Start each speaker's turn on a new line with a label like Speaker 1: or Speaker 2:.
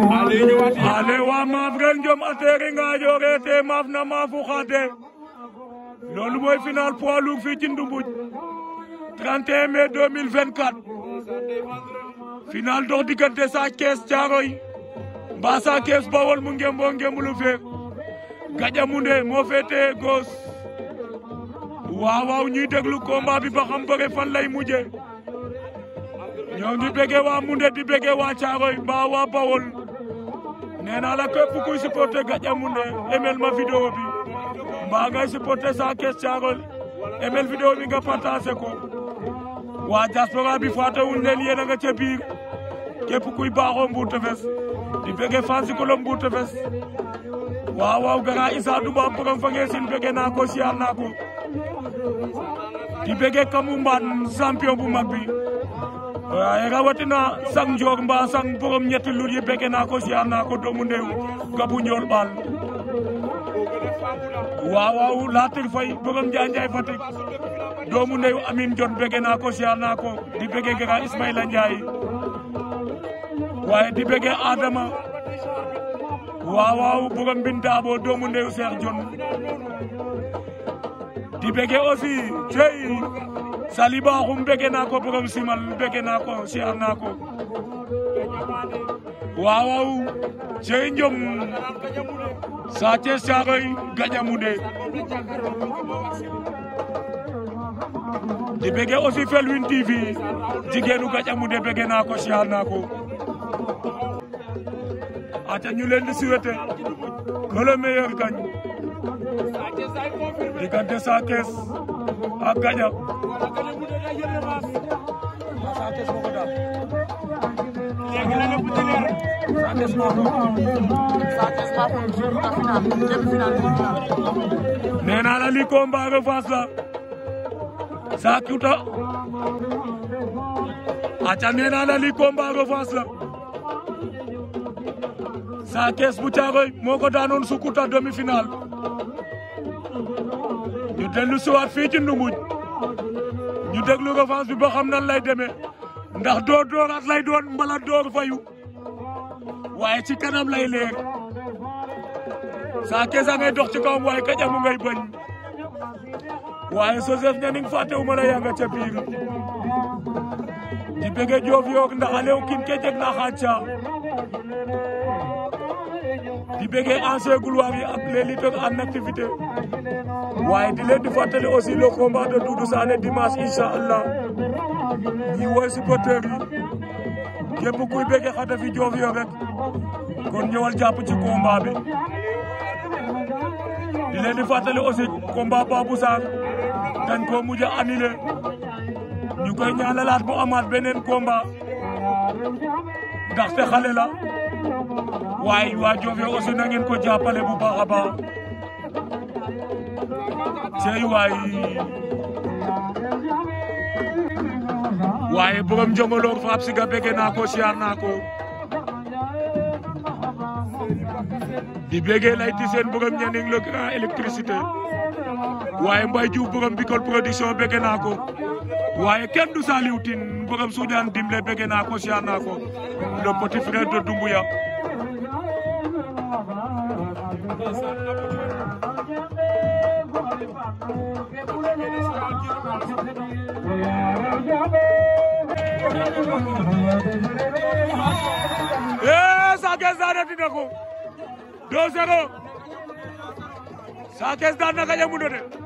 Speaker 1: ale wa maaf ren jom a teeri ngaajoo maaf na maafu xaate loolu mooy final poids lourd ci Ndumbuj 31 mai 2024 final dox diggante Sa Thiès Thiaroye mbaa Sa Thiès Bawol mu ngemboo ngembulu fee Gandia Moundé moo féetee gauche waaw waaw ñuy déglu combat bi ba xam fan lay mujje ñoo ngi bëgge waa Moundé di bëgge waa Thiaroye mbaa waa Bawol nee naa la képp kuy supporter Gandia Mundé aimel ma vidéo bi mbaa ngay supporter Sa Thiès Thiaroye aimel vidéo bi nga partagé ko waa diaspora bi fàttewuñ leen yéen a nga ca biir kuy baaxoo Mbour Tefess di bëggee fansi ko la Mbour waaw gara Issa Duba borom fa ngeen sin bëggee naa ko siyaar naa ko di bëggee Kamou Mbane champion bu mag bi waaye rawatina sang njoor mbaa sang borom ñetti lul yi bege naa ko siyaar naa doomu ndew gabu njool baal waaw laatir fay borom njaay njaay Fatick doomu ndew amin jon bege naa ko siyaar naa di bege gara Ismaïla Njaay waaye di bege Adama waaw waaw borom doomu ndew Seex Jon di bege aussi cey Sali Bakhoum bëgg naa ko borom simal bëgg naa ko siyaar naa Njom Sa Thiès Thiaroye Gadiamoude di bëgg aussi Felwine TV jigéenu Gadiamoude bëgg naa ko siyaar naa aca ñu leen di souhaiter que le meilleur gagne diggante Sa Thiès ak Gandiack nee naa la li combat revanche la Sa Thiès aca nee naa la li combat revanche la Sa Thiès bu Thiaroye moo ko daanoon Sukuta demi-finale ñu dellu siwaat fii ci Ndunguj ñu déglu revanche bi ba xam nan lay demee ndax door dooraat lay doon mbala door fayu waaye ci kanam lay leer Sa Thiès a ngay dox ci kawam waaye Kaja mu ngay bañ waaye Joseph Nianing fàttewuma la yaa nga ca biir di Joof yoog ndax alew kin ke jeg na xaaca di bëggee ancien gloire yi ak les lutteurs en waaye di leen di fàttali aussi le combat de Doudou Sané dimanche allah ñi woy supporteurs yi képp kuy bëggee Khadafi Diof yo kon ñëwal jàpp ci combat bi di leen di fàttali aussi combat Babou Sarr dañ ko mujj a annulé ñu koy ñaanalaat mu amaat beneen combat. ndaxte xale la waaye waa Joof aussi na ngeen ko jàppale bu baax a baax cey waay waaye borom Jomolor Fap Siga bëgg naa ko siyaar naa ko di béggee lay ti seen borom ñaning le grand waaye Mbaye Diouf borom Bicol production bégge naa ko waaye kenn du Saliou Tine borom Soudiane dimle bégge naa ko siyaa naa ko le petit frère de Doumbouya ee eh, 2-0 Sa Thiès daan na Gandia de